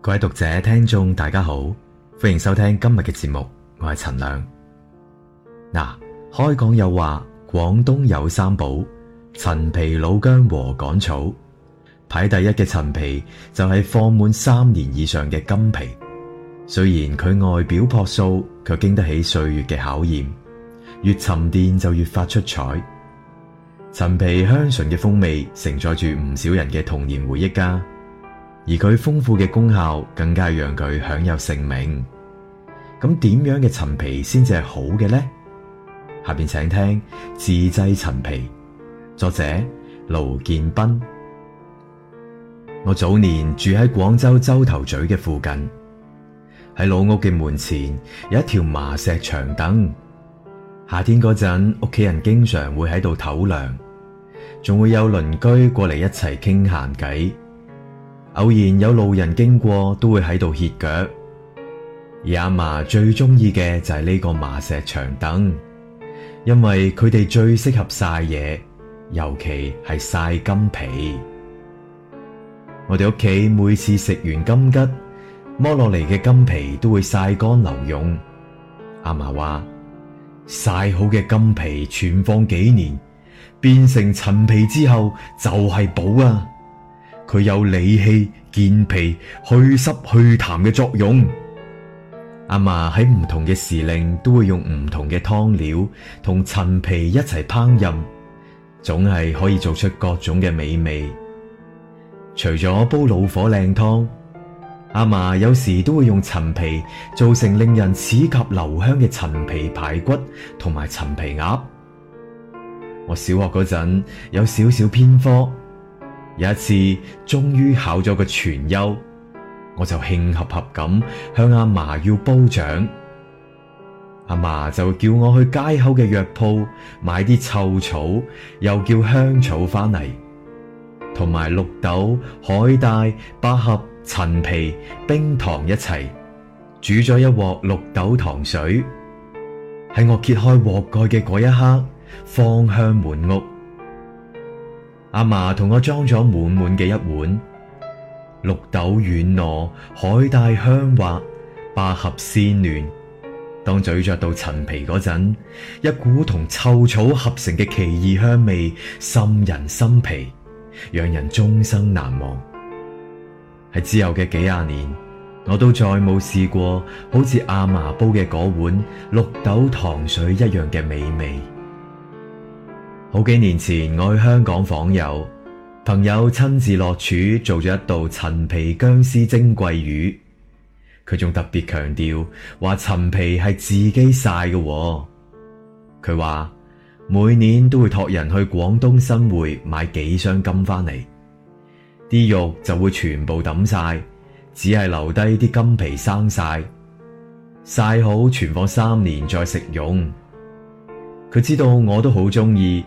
各位讀者、聽眾，大家好，歡迎收聽今日嘅節目，我係陳亮。嗱、啊，開講又話廣東有三寶：陳皮、老姜和港草。排第一嘅陳皮就係放滿三年以上嘅柑皮，雖然佢外表朴素，卻經得起歲月嘅考驗，越沉澱就越發出彩。陳皮香醇嘅風味，承載住唔少人嘅童年回憶㗎。而佢豐富嘅功效，更加讓佢享有盛名。咁點樣嘅陳皮先至係好嘅呢？下邊請聽《自製陳皮》，作者勞健斌。我早年住喺廣州洲頭咀嘅附近，喺老屋嘅門前有一條麻石長凳。夏天嗰陣，屋企人經常會喺度唞涼，仲會有鄰居過嚟一齊傾閒偈。偶然有路人經過都會喺度歇腳，而阿嫲最中意嘅就係呢個麻石長凳，因為佢哋最適合晒嘢，尤其係晒柑皮。我哋屋企每次食完柑桔，剝落嚟嘅柑皮都會晒乾留用。阿嫲話晒好嘅柑皮存放幾年，變成陳皮之後就係寶啊！佢有理氣、健脾、去濕、去痰嘅作用。阿嫲喺唔同嘅時令都會用唔同嘅湯料同陳皮一齊烹飪，總係可以做出各種嘅美味。除咗煲老火靚湯，阿嫲有時都會用陳皮做成令人齒頰留香嘅陳皮排骨同埋陳皮鴨。我小學嗰陣有少少偏科。有一次，終於考咗個全優，我就興沖沖咁向阿嫲要褒獎。阿嫲就叫我去街口嘅藥鋪買啲臭草，又叫香草翻嚟，同埋綠豆、海帶、百合、陳皮、冰糖一齊煮咗一鑊綠豆糖水。喺我揭開鍋蓋嘅嗰一刻，芳香滿屋。阿嫲同我裝咗滿滿嘅一碗綠豆軟糯、海帶香滑、百合鮮嫩。當咀嚼到陳皮嗰陣，一股同臭草合成嘅奇異香味沁人心脾，讓人終生難忘。喺之後嘅幾廿年，我都再冇試過好似阿嫲煲嘅嗰碗綠豆糖水一樣嘅美味。好幾年前我去香港訪友，朋友親自落廚做咗一道陳皮薑絲蒸桂魚，佢仲特別強調話陳皮係自己曬嘅。佢話每年都會託人去廣東新會買幾箱柑翻嚟，啲肉就會全部抌晒，只係留低啲柑皮生曬，曬好存放三年再食用。佢知道我都好中意。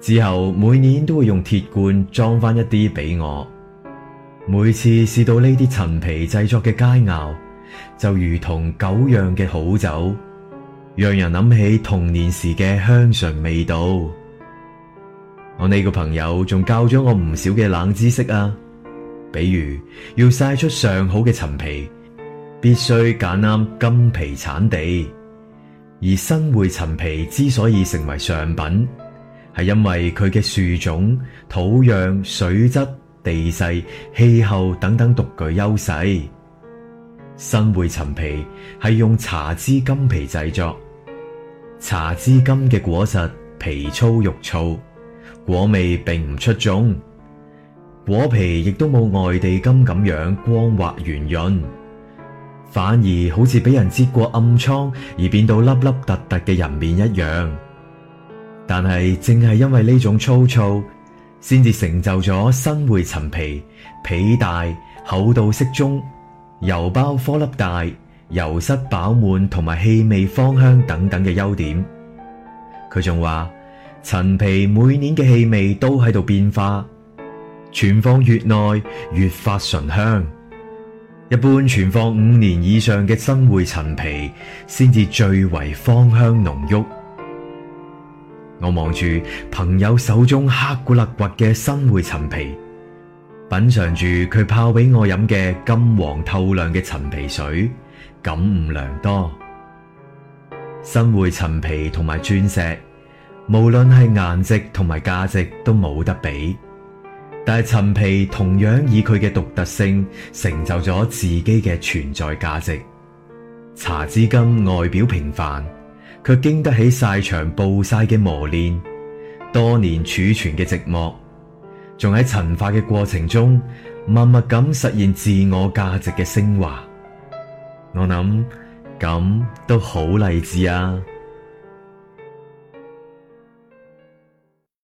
之後每年都會用鐵罐裝翻一啲俾我。每次試到呢啲陳皮製作嘅佳肴，就如同久釀嘅好酒，讓人諗起童年時嘅香醇味道。我呢個朋友仲教咗我唔少嘅冷知識啊，比如要晒出上好嘅陳皮，必須揀啱柑皮產地，而新會陳皮之所以成為上品。係因為佢嘅樹種、土壤、水質、地勢、氣候等等獨具優勢。新會陳皮係用茶枝柑皮製作，茶枝柑嘅果實皮粗肉糙，果味並唔出眾，果皮亦都冇外地柑咁樣光滑圓潤，反而好似俾人擠過暗瘡而變到粒粒突突嘅人面一樣。但係正係因為呢種粗糙，先至成就咗新會陳皮皮大、厚度適中、油胞顆粒大、油室飽滿同埋氣味芳香等等嘅優點。佢仲話陳皮每年嘅氣味都喺度變化，存放越耐越發醇香。一般存放五年以上嘅新會陳皮，先至最為芳香濃郁。我望住朋友手中黑古勒骨嘅新會陳皮，品嘗住佢泡俾我飲嘅金黃透亮嘅陳皮水，感悟良多。新會陳皮同埋鑽石，無論係顏值同埋價值都冇得比，但係陳皮同樣以佢嘅獨特性成就咗自己嘅存在價值。茶枝柑外表平凡。佢經得起曬場暴曬嘅磨練，多年儲存嘅寂寞，仲喺陳化嘅過程中，默默咁實現自我價值嘅升華。我諗咁都好勵志啊！